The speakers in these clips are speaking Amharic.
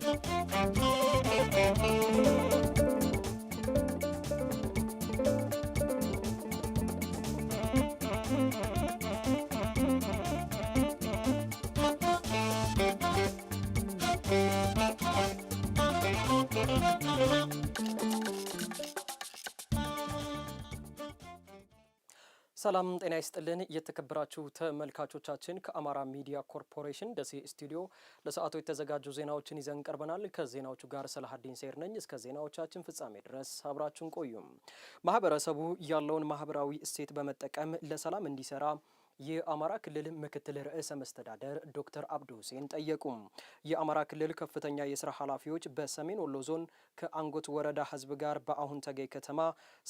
Thank you. ሰላም ጤና ይስጥልን። የተከበራችሁ ተመልካቾቻችን ከአማራ ሚዲያ ኮርፖሬሽን ደሴ ስቱዲዮ ለሰዓቱ የተዘጋጁ ዜናዎችን ይዘን ቀርበናል። ከዜናዎቹ ጋር ሰላሀዲን ሴር ነኝ። እስከ ዜናዎቻችን ፍጻሜ ድረስ አብራችሁን ቆዩም። ማህበረሰቡ ያለውን ማህበራዊ እሴት በመጠቀም ለሰላም እንዲሰራ የአማራ ክልል ምክትል ርዕሰ መስተዳደር ዶክተር አብዱ ሁሴን ጠየቁ። የአማራ ክልል ከፍተኛ የስራ ኃላፊዎች በሰሜን ወሎ ዞን ከአንጎት ወረዳ ህዝብ ጋር በአሁን ተገይ ከተማ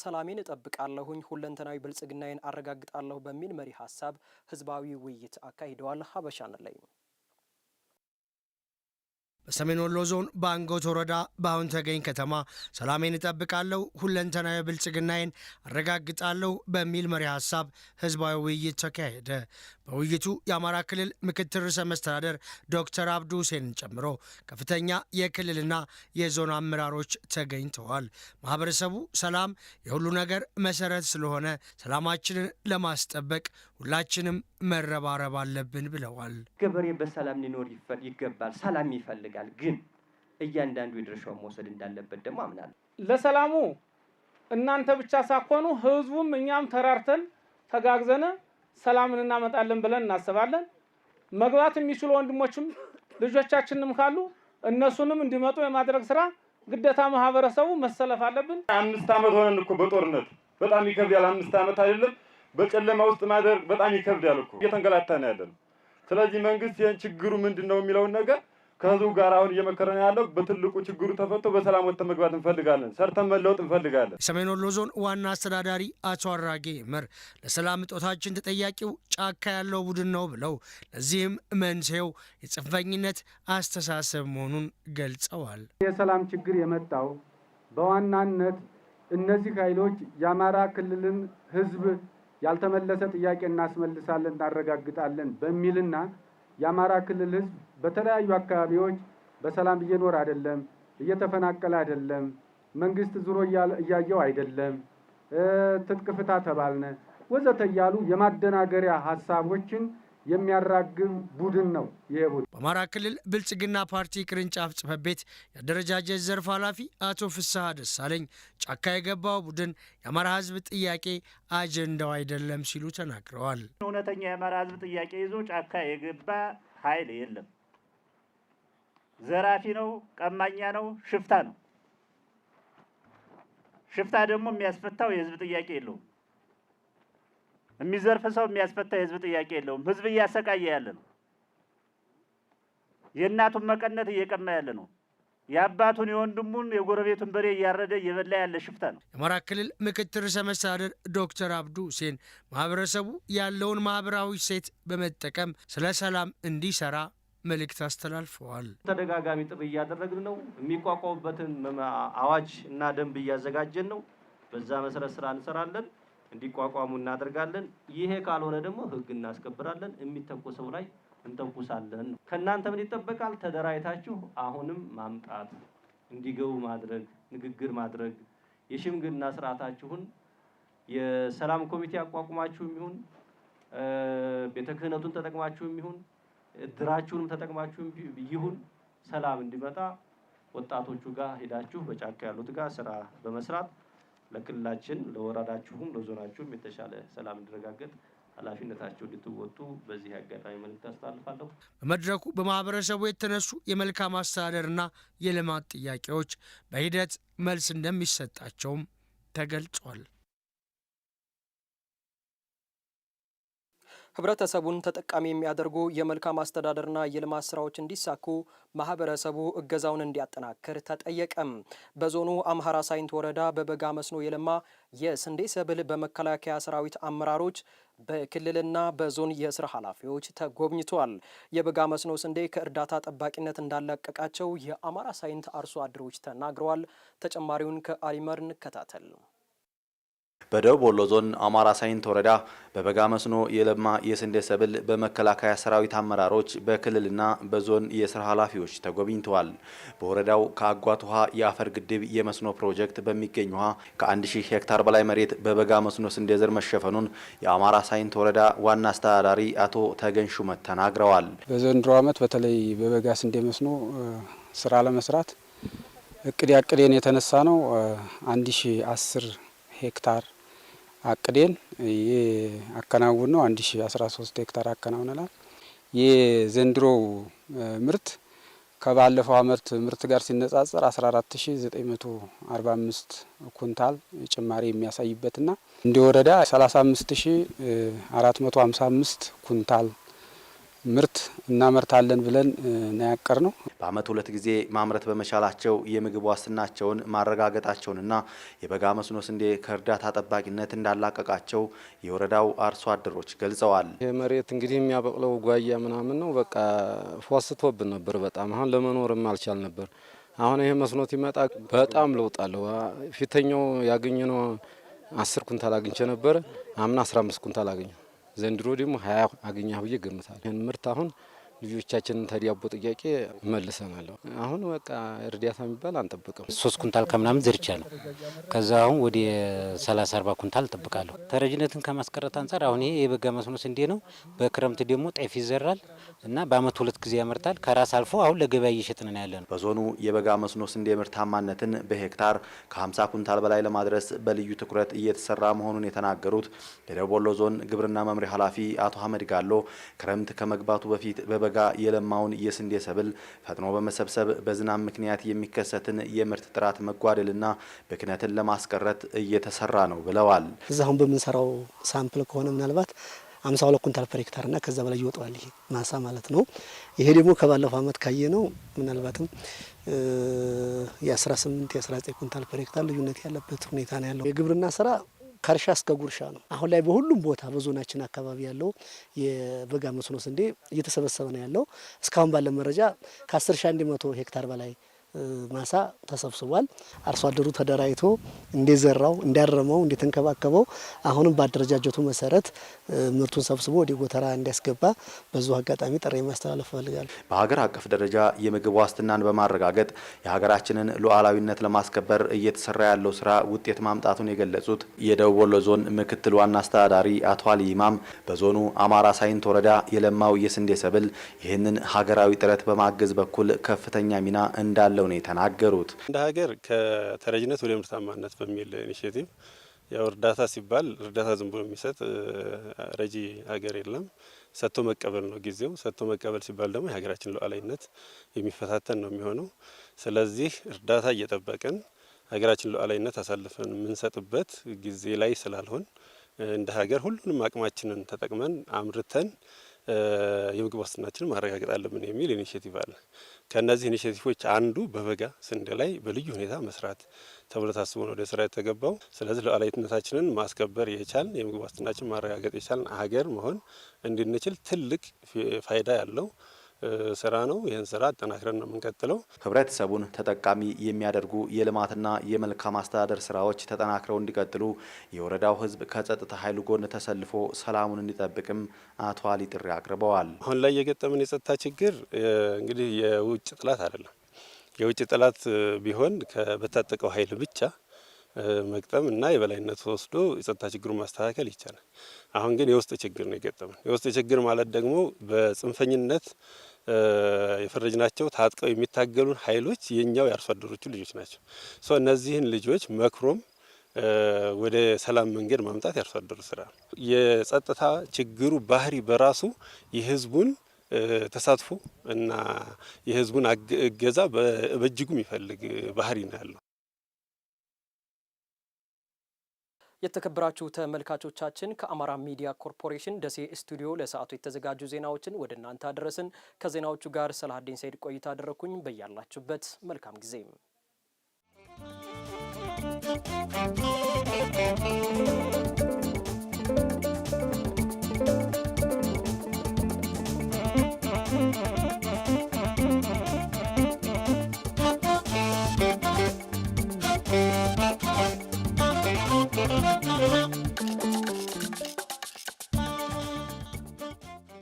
ሰላሜን እጠብቃለሁኝ ሁለንተናዊ ብልጽግናዬን አረጋግጣለሁ በሚል መሪ ሀሳብ ህዝባዊ ውይይት አካሂደዋል። ሀበሻን ላይ በሰሜን ወሎ ዞን በአንጎት ወረዳ በአሁን ተገኝ ከተማ ሰላሜን እጠብቃለሁ፣ ሁለንተናዊ ብልጽግናዬን አረጋግጣለሁ በሚል መሪ ሀሳብ ህዝባዊ ውይይት ተካሄደ። በውይይቱ የአማራ ክልል ምክትል ርዕሰ መስተዳደር ዶክተር አብዱ ሁሴንን ጨምሮ ከፍተኛ የክልልና የዞን አመራሮች ተገኝተዋል። ማህበረሰቡ ሰላም የሁሉ ነገር መሰረት ስለሆነ ሰላማችንን ለማስጠበቅ ሁላችንም መረባረብ አለብን ብለዋል። ገበሬ በሰላም ሊኖር ይገባል። ሰላም ይፈልጋል። ያስፈልጋል። ግን እያንዳንዱ የድርሻውን መውሰድ እንዳለበት ደግሞ አምናለሁ። ለሰላሙ እናንተ ብቻ ሳኮኑ ህዝቡም እኛም ተራርተን ተጋግዘን ሰላምን እናመጣለን ብለን እናስባለን። መግባት የሚችሉ ወንድሞችም ልጆቻችንም ካሉ እነሱንም እንዲመጡ የማድረግ ስራ ግዴታ ማህበረሰቡ መሰለፍ አለብን። አምስት ዓመት ሆነን እኮ በጦርነት በጣም ይከብዳል። አምስት ዓመት አይደለም በጨለማ ውስጥ ማደር በጣም ይከብዳል እኮ እየተንገላታ ነው ያለን። ስለዚህ መንግስት ይህን ችግሩ ምንድን ነው የሚለውን ነገር ከህዝቡ ጋር አሁን እየመከረን ያለው በትልቁ ችግሩ ተፈቶ በሰላም ወጥተን መግባት እንፈልጋለን። ሰርተን መለወጥ እንፈልጋለን። ሰሜን ወሎ ዞን ዋና አስተዳዳሪ አቶ አራጌ ምር ለሰላም እጦታችን ተጠያቂው ጫካ ያለው ቡድን ነው ብለው ለዚህም መንስኤው የጽንፈኝነት አስተሳሰብ መሆኑን ገልጸዋል። የሰላም ችግር የመጣው በዋናነት እነዚህ ኃይሎች የአማራ ክልልን ህዝብ ያልተመለሰ ጥያቄ እናስመልሳለን፣ እናረጋግጣለን በሚልና የአማራ ክልል ህዝብ በተለያዩ አካባቢዎች በሰላም እየኖረ አይደለም፣ እየተፈናቀለ አይደለም፣ መንግስት ዙሮ እያየው አይደለም፣ ትጥቅ ፍታ ተባልነ ወዘተ እያሉ የማደናገሪያ ሀሳቦችን የሚያራግብ ቡድን ነው ይሄ ቡድን። በአማራ ክልል ብልጽግና ፓርቲ ቅርንጫፍ ጽፈት ቤት የአደረጃጀት ዘርፍ ኃላፊ አቶ ፍስሐ ደሳለኝ ጫካ የገባው ቡድን የአማራ ህዝብ ጥያቄ አጀንዳው አይደለም ሲሉ ተናግረዋል። እውነተኛ የአማራ ህዝብ ጥያቄ ይዞ ጫካ የገባ ኃይል የለም። ዘራፊ ነው፣ ቀማኛ ነው፣ ሽፍታ ነው። ሽፍታ ደግሞ የሚያስፈታው የህዝብ ጥያቄ የለውም። የሚዘርፍ ሰው የሚያስፈታ የህዝብ ጥያቄ የለውም። ህዝብ እያሰቃየ ያለ ነው። የእናቱን መቀነት እየቀማ ያለ ነው። የአባቱን የወንድሙን የጎረቤቱን በሬ እያረደ እየበላ ያለ ሽፍታ ነው። የአማራ ክልል ምክትል ርዕሰ መስተዳድር ዶክተር አብዱ ሁሴን ማህበረሰቡ ያለውን ማህበራዊ ሴት በመጠቀም ስለ ሰላም እንዲሰራ መልእክት አስተላልፈዋል። ተደጋጋሚ ጥሪ እያደረግን ነው። የሚቋቋሙበትን አዋጅ እና ደንብ እያዘጋጀን ነው። በዛ መሰረት ስራ እንሰራለን። እንዲቋቋሙ እናደርጋለን። ይሄ ካልሆነ ደግሞ ህግ እናስከብራለን፣ የሚተኮሰው ላይ እንተኩሳለን። ከእናንተ ምን ይጠበቃል? ተደራጅታችሁ አሁንም ማምጣት፣ እንዲገቡ ማድረግ፣ ንግግር ማድረግ፣ የሽምግልና ስርዓታችሁን የሰላም ኮሚቴ አቋቁማችሁ የሚሆን ቤተ ክህነቱን ተጠቅማችሁ የሚሆን እድራችሁንም ተጠቅማችሁ ይሁን ሰላም እንዲመጣ ወጣቶቹ ጋር ሄዳችሁ በጫካ ያሉት ጋር ስራ በመስራት ለክልላችን፣ ለወረዳችሁም፣ ለዞናችሁም የተሻለ ሰላም እንዲረጋገጥ ኃላፊነታቸው እንድትወጡ በዚህ አጋጣሚ መልእክት አስተላልፋለሁ። በመድረኩ በማህበረሰቡ የተነሱ የመልካም አስተዳደርና የልማት ጥያቄዎች በሂደት መልስ እንደሚሰጣቸውም ተገልጿል። ህብረተሰቡን ተጠቃሚ የሚያደርጉ የመልካም አስተዳደርና የልማት ስራዎች እንዲሳኩ ማህበረሰቡ እገዛውን እንዲያጠናክር ተጠየቀም። በዞኑ አምሃራ ሳይንት ወረዳ በበጋ መስኖ የለማ የስንዴ ሰብል በመከላከያ ሰራዊት አመራሮች በክልልና በዞን የስራ ኃላፊዎች ተጎብኝቷል። የበጋ መስኖ ስንዴ ከእርዳታ ጠባቂነት እንዳላቀቃቸው የአማራ ሳይንት አርሶ አደሮች ተናግረዋል። ተጨማሪውን ከአሊመር እንከታተል። በደቡብ ወሎ ዞን አማራ ሳይንት ወረዳ በበጋ መስኖ የለማ የስንዴ ሰብል በመከላከያ ሰራዊት አመራሮች በክልልና በዞን የስራ ኃላፊዎች ተጎብኝተዋል። በወረዳው ከአጓት ውሃ የአፈር ግድብ የመስኖ ፕሮጀክት በሚገኝ ውሃ ከ1000 ሄክታር በላይ መሬት በበጋ መስኖ ስንዴ ዘር መሸፈኑን የአማራ ሳይንት ወረዳ ዋና አስተዳዳሪ አቶ ተገንሹመት ሹመት ተናግረዋል። በዘንድሮ ዓመት በተለይ በበጋ ስንዴ መስኖ ስራ ለመስራት እቅድ ያቅዴን የተነሳ ነው 1010 ሄክታር አቅዴን አከናውን ነው 1013 ሄክታር አከናውነናል። የዘንድሮው ምርት ከባለፈው አመት ምርት ጋር ሲነጻጸር 14945 ኩንታል ጭማሪ የሚያሳይበትና እንደ ወረዳ 35455 ኩንታል ምርት እናመርታለን ብለን ናያቀር ነው። በአመት ሁለት ጊዜ ማምረት በመቻላቸው የምግብ ዋስትናቸውን ማረጋገጣቸውንና የበጋ መስኖ ስንዴ ከእርዳታ ጠባቂነት እንዳላቀቃቸው የወረዳው አርሶ አደሮች ገልጸዋል። ይህ መሬት እንግዲህ የሚያበቅለው ጓያ ምናምን ነው። በቃ ፏስቶብን ነበር በጣም አሁን ለመኖርም አልቻል ነበር። አሁን ይሄ መስኖ ሲመጣ በጣም ለውጥ አለው። ፊተኛው ያገኘነው አስር ኩንታል አግኝቼ ነበረ። አምና አስራ አምስት ኩንታል አገኘ ዘንድሮ ደግሞ ሀያ አገኛሁ ብዬ ገምታለሁ። ይህን ምርት አሁን ልጆቻችንን ተዳቦ ጥያቄ መልሰናል። አሁን በቃ እርዳታ የሚባል አንጠብቅም። ሶስት ኩንታል ከምናምን ነው ከዛ አሁን ወደ ሰላሳ አርባ ኩንታል እጠብቃለሁ። ተረጅነትን ከማስቀረት አንጻር አሁን ይሄ የበጋ መስኖ ስንዴ ነው። በክረምት ደግሞ ጤፍ ይዘራል እና በአመት ሁለት ጊዜ ያመርታል። ከራስ አልፎ አሁን ለገበያ እየሸጥን ነው ያለ ነው። በዞኑ የበጋ መስኖ ስንዴ ምርታማነትን በሄክታር ከ50 ኩንታል በላይ ለማድረስ በልዩ ትኩረት እየተሰራ መሆኑን የተናገሩት የደቡብ ወሎ ዞን ግብርና መምሪያ ኃላፊ አቶ አህመድ ጋሎ ክረምት ከመግባቱ በፊት በጋ የለማውን የስንዴ ሰብል ፈጥኖ በመሰብሰብ በዝናብ ምክንያት የሚከሰትን የምርት ጥራት መጓደልና ብክነትን ለማስቀረት እየተሰራ ነው ብለዋል። እዚ አሁን በምንሰራው ሳምፕል ከሆነ ምናልባት አምሳ ሁለት ኩንታል ፐር ሄክታር እና ከዛ በላይ ይወጣዋል ይሄ ማሳ ማለት ነው። ይሄ ደግሞ ከባለፈው አመት ካየ ነው ምናልባትም የ18 የ19 ኩንታል ፐር ሄክታር ልዩነት ያለበት ሁኔታ ነው ያለው የግብርና ስራ ከእርሻ እስከ ጉርሻ ነው። አሁን ላይ በሁሉም ቦታ በዞናችን አካባቢ ያለው የበጋ መስኖ ስንዴ እየተሰበሰበ ነው ያለው። እስካሁን ባለ መረጃ ከ10 100 ሄክታር በላይ ማሳ ተሰብስቧል። አርሶ አደሩ ተደራጅቶ እንደዘራው እንዳረመው እንደተንከባከበው አሁንም በአደረጃጀቱ መሰረት ምርቱን ሰብስቦ ወደ ጎተራ እንዲያስገባ በዙ አጋጣሚ ጥሪ ማስተላለፍ እፈልጋለሁ። በሀገር አቀፍ ደረጃ የምግብ ዋስትናን በማረጋገጥ የሀገራችንን ሉዓላዊነት ለማስከበር እየተሰራ ያለው ስራ ውጤት ማምጣቱን የገለጹት የደቡብ ወሎ ዞን ምክትል ዋና አስተዳዳሪ አቶ አሊ ኢማም በዞኑ አማራ ሳይንት ወረዳ የለማው የስንዴ ሰብል ይህንን ሀገራዊ ጥረት በማገዝ በኩል ከፍተኛ ሚና እንዳለው ነው የተናገሩት። እንደ ሀገር ከተረጅነት ወደ ምርታማነት በሚል ኢኒሽቲቭ ያው እርዳታ ሲባል እርዳታ ዝም ብሎ የሚሰጥ ረጂ ሀገር የለም። ሰጥቶ መቀበል ነው ጊዜው። ሰጥቶ መቀበል ሲባል ደግሞ የሀገራችን ሉዓላዊነት የሚፈታተን ነው የሚሆነው። ስለዚህ እርዳታ እየጠበቅን ሀገራችን ሉዓላዊነት አሳልፈን የምንሰጥበት ጊዜ ላይ ስላልሆን እንደ ሀገር ሁሉንም አቅማችንን ተጠቅመን አምርተን የምግብ ዋስትናችን ማረጋገጥ አለብን የሚል ኢኒሽቲቭ አለ። ከእነዚህ ኢኒሽቲቮች አንዱ በበጋ ስንዴ ላይ በልዩ ሁኔታ መስራት ተብሎ ታስቦ ነው ወደ ስራ የተገባው። ስለዚህ ሉዓላዊነታችንን ማስከበር የቻልን የምግብ ዋስትናችን ማረጋገጥ የቻልን ሀገር መሆን እንድንችል ትልቅ ፋይዳ ያለው ስራ ነው። ይህን ስራ አጠናክረን ነው የምንቀጥለው። ህብረተሰቡን ተጠቃሚ የሚያደርጉ የልማትና የመልካም አስተዳደር ስራዎች ተጠናክረው እንዲቀጥሉ የወረዳው ህዝብ ከጸጥታ ኃይሉ ጎን ተሰልፎ ሰላሙን እንዲጠብቅም አቶ አሊ ጥሪ አቅርበዋል። አሁን ላይ የገጠምን የጸጥታ ችግር እንግዲህ የውጭ ጥላት አይደለም። የውጭ ጥላት ቢሆን በታጠቀው ኃይል ብቻ መግጠም እና የበላይነት ወስዶ የጸጥታ ችግሩን ማስተካከል ይቻላል። አሁን ግን የውስጥ ችግር ነው የገጠመን። የውስጥ ችግር ማለት ደግሞ በጽንፈኝነት ናቸው ታጥቀው የሚታገሉን ኃይሎች የኛው የአርሶ አደሮቹ ልጆች ናቸው። ሶ እነዚህን ልጆች መክሮም ወደ ሰላም መንገድ ማምጣት የአርሶ አደሩ ስራ ነው። የጸጥታ ችግሩ ባህሪ በራሱ የህዝቡን ተሳትፎ እና የህዝቡን እገዛ በእጅጉ ይፈልግ ባህሪ ነው ያለው። የተከበራችሁ ተመልካቾቻችን ከአማራ ሚዲያ ኮርፖሬሽን ደሴ ስቱዲዮ ለሰዓቱ የተዘጋጁ ዜናዎችን ወደ እናንተ አደረስን። ከዜናዎቹ ጋር ሰላሀዲን ሰይድ ቆይታ አደረግኩኝ። በያላችሁበት መልካም ጊዜ